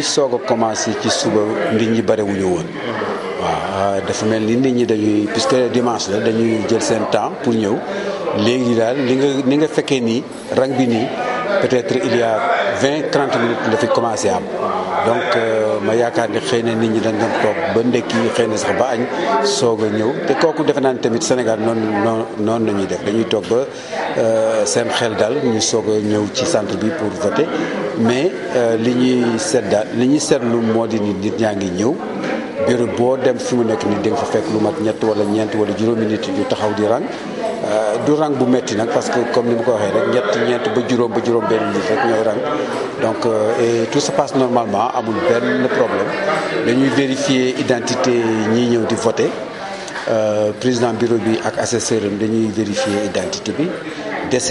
ñuy soog a commencé ci suba nit ñi barewuñu woon waaw ah, dafa mel ni nit ñi dañuy puisque dimanche la dañuy jël seen temps pour ñëw léegi daal li nga ni nga fekkee nii rang bi nii peut-être il y a vingt trente minutes la fi commencé am donc euh, ma yaakaar ni xëy na nit ñi dañ doon toog ba ndekki xëy na sax ba añ soog a ñëw te kooku defe naa ni tamit Sénégal noonu noonu la ñuy def dañuy toog ba euh, seen xel daal ñu soog ñëw ci centre bi pour voter mais euh, li ñuy seddaat li ñuy seetlu moo di ni nit ñaa ngi ñëw béréb boo dem fi mu nekk nii da nga fa fekk lu mat ñett wala ñeent wala juróomi nit yu taxaw di rang euh, du rang bu metti nag parce que comme ni ma ko waxee rek ñett ñeent ba juróom ba juróom benn nit rek ñooy rang donc euh, et tout se passe normalement amul benn problème dañuy vérifier identité ñi ñëw di voter président bureau bi ak assesseur am dañuy vérifier identité bi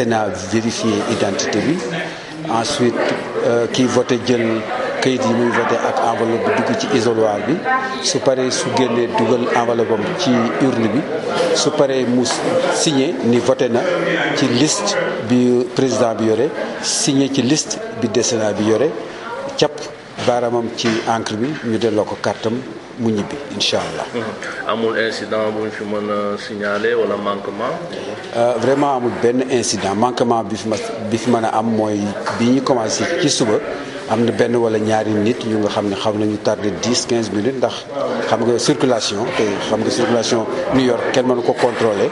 naa vérifier identité bi Euh, kiy voté jël kayit yi muy voté ak enveloppe bi dugg ci isoloir bi su paree su génnee dugal enveloppe am ci urne bi su paree mu signe ni voté na ci list bi président bi yore signé ci list bi décennat bi yore capp baaramam ci encre bi ñu delloo ko kàrtam mu ñibbi incha allah. Mm-hmm. amul incident bu ñu fi mën a signaler wala manquement. Euh, vraiment amul benn incident manquement bi fi bi fi mën a am mooy bi ñu commencé ci suba am na benn wala ñaari nit ñu nga xam ne xam nañu tardé dix quinze minutes ndax xam nga circulation te xam nga circulation New York kenn mënu ko contrôler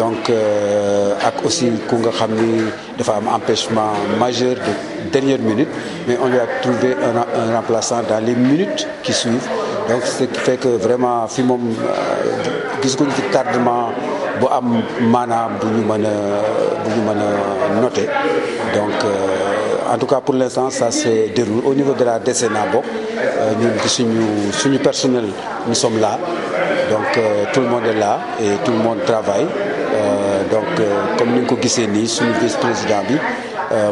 donc euh, ak aussi ku nga xam ni dafa am empêchement majeur de dernière minute mais on lui a trouvé un remplaçant dans les minutes qui suivent. donc ce qui fait que vraiment fi moom euh, gis guñu fi cardement bu am maanaam bu ñu mën a bu ñu mën a noter donc euh, en tout cas pour l'instant ça se déroule au niveau de la DSNA bokk euh, ñun ci suñu suñu personnel nous sommes là donc tout le monde est là et tout le monde travaille euh, donc euh, comme ni nga ko gisee nii suñu vice-président bi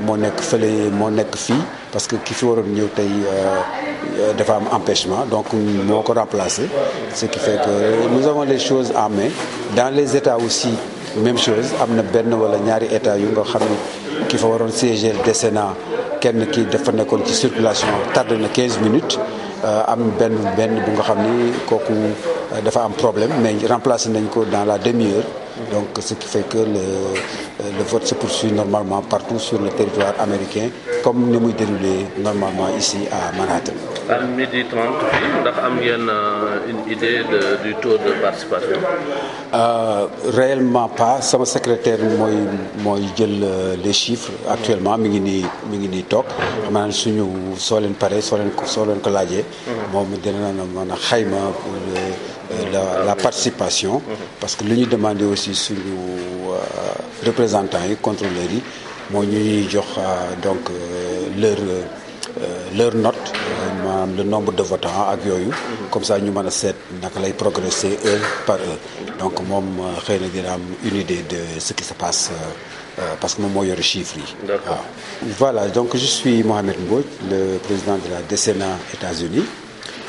moo nekk fële moo nekk fii parce que ki fi waroon ñëw tey euh, dafa am empêchement donc moo ko remplacé ce qui fait que nous avons les choses en main dans les états aussi même chose am na benn wala ñaari état yu nga xam ne ki fa waroon siéger le décennat kenn ki dafa nekkoon ci circulation tardé na 15 minutes euh, am benn benn bu nga xam ni kooku Euh, dafa am problème mais remplacé nañ ko dans la demi-heure. donc ce qui fait que le euh, le vote se poursuit normalement partout sur le territoire américain comme ni muy déroulé normalement ici à Manhattan. à midi 30 fii ndax am ngeen euh, une idée du taux de participation. réellement pas sama secrétaire mooy mooy jël les chiffres actuellement mi ngi nii mi ngi nii toog. maanaam suñu soo leen paree soo leen ko laajee. Mm-hmm. moom na xayma Euh, la la participation mhm. parce que lu ñu demandé aussi suñu euh, représentant yi contrôleurs yi moo ñuy jox euh, donc leur leur note maanaam le nombre de votants ak yooyu mhm. comme ça ñu mën a seet naka lay progresser heure par heure donc moom xëy na dina am une de ce parce que moo yore chiffres yi waaw voilà je suis Mohamed Mbodj le président de la DCNA États-Unis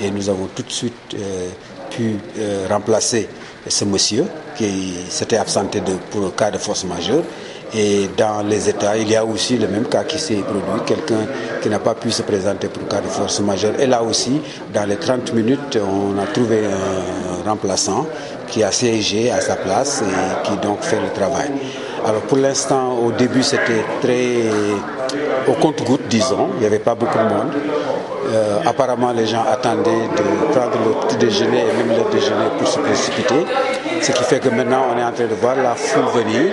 Et nous avons tout de suite euh, pu euh, remplacer ce monsieur qui s'était absenté de, pour un cas de force majeure. Et dans les États, il y a aussi le même cas qui s'est produit, quelqu'un qui n'a pas pu se présenter pour cas de force majeure. Et là aussi, dans les 30 minutes, on a trouvé un remplaçant qui a siégé à sa place et qui donc fait le travail. Alors pour l'instant, au début, c'était très au compte-goutte, disons. Il n'y avait pas beaucoup de monde. Euh, apparemment, les gens attendaient de prendre le petit déjeuner et même le déjeuner pour se précipiter. Ce qui fait que maintenant, on est en train de voir la foule venir.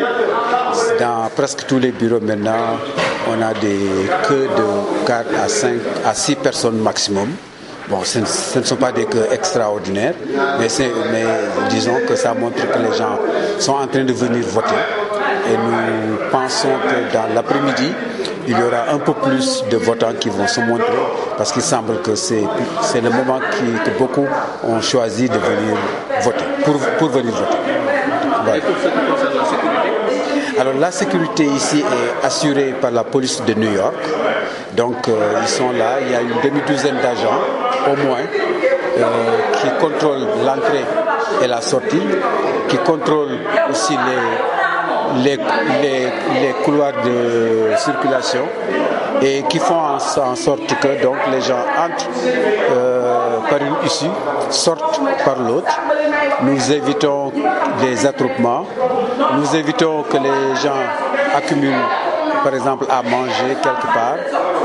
Dans presque tous les bureaux maintenant, on a des queues de 4 à 5 à 6 personnes maximum. Bon, ce ne, ce ne, sont pas des queues extraordinaires, mais, mais disons que ça montre que les gens sont en train de venir voter. Et nous pensons que dans l'après-midi, il y aura un peu plus de votants qui vont se montrer parce qu'il semble que c'est le moment qui, que beaucoup ont choisi de venir voter, pour, venir voter. la sécurité ici est assurée par la police de New York. Donc euh, ils sont là, il y a une demi-douzaine d'agents au moins euh, qui contrôlent l'entrée et la sortie, qui contrôlent aussi les, les, les, les, couloirs de circulation et qui font en, en sorte que donc, les gens entrent euh, par une issue, sortent par l'autre. Nous évitons des attroupements, nous évitons que les gens accumulent par exemple à manger quelque part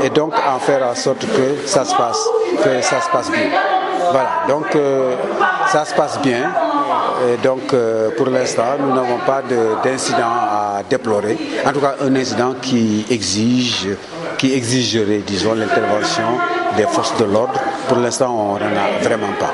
et donc en faire en sorte que ça se passe, que ça se passe bien. Voilà, donc euh, ça se passe bien. Et donc, euh, pour l'instant, nous n'avons pas d'incident à déplorer. En tout cas, un incident qui exige, qui exigerait, disons, l'intervention des forces de l'ordre. Pour l'instant, on n'en a vraiment pas.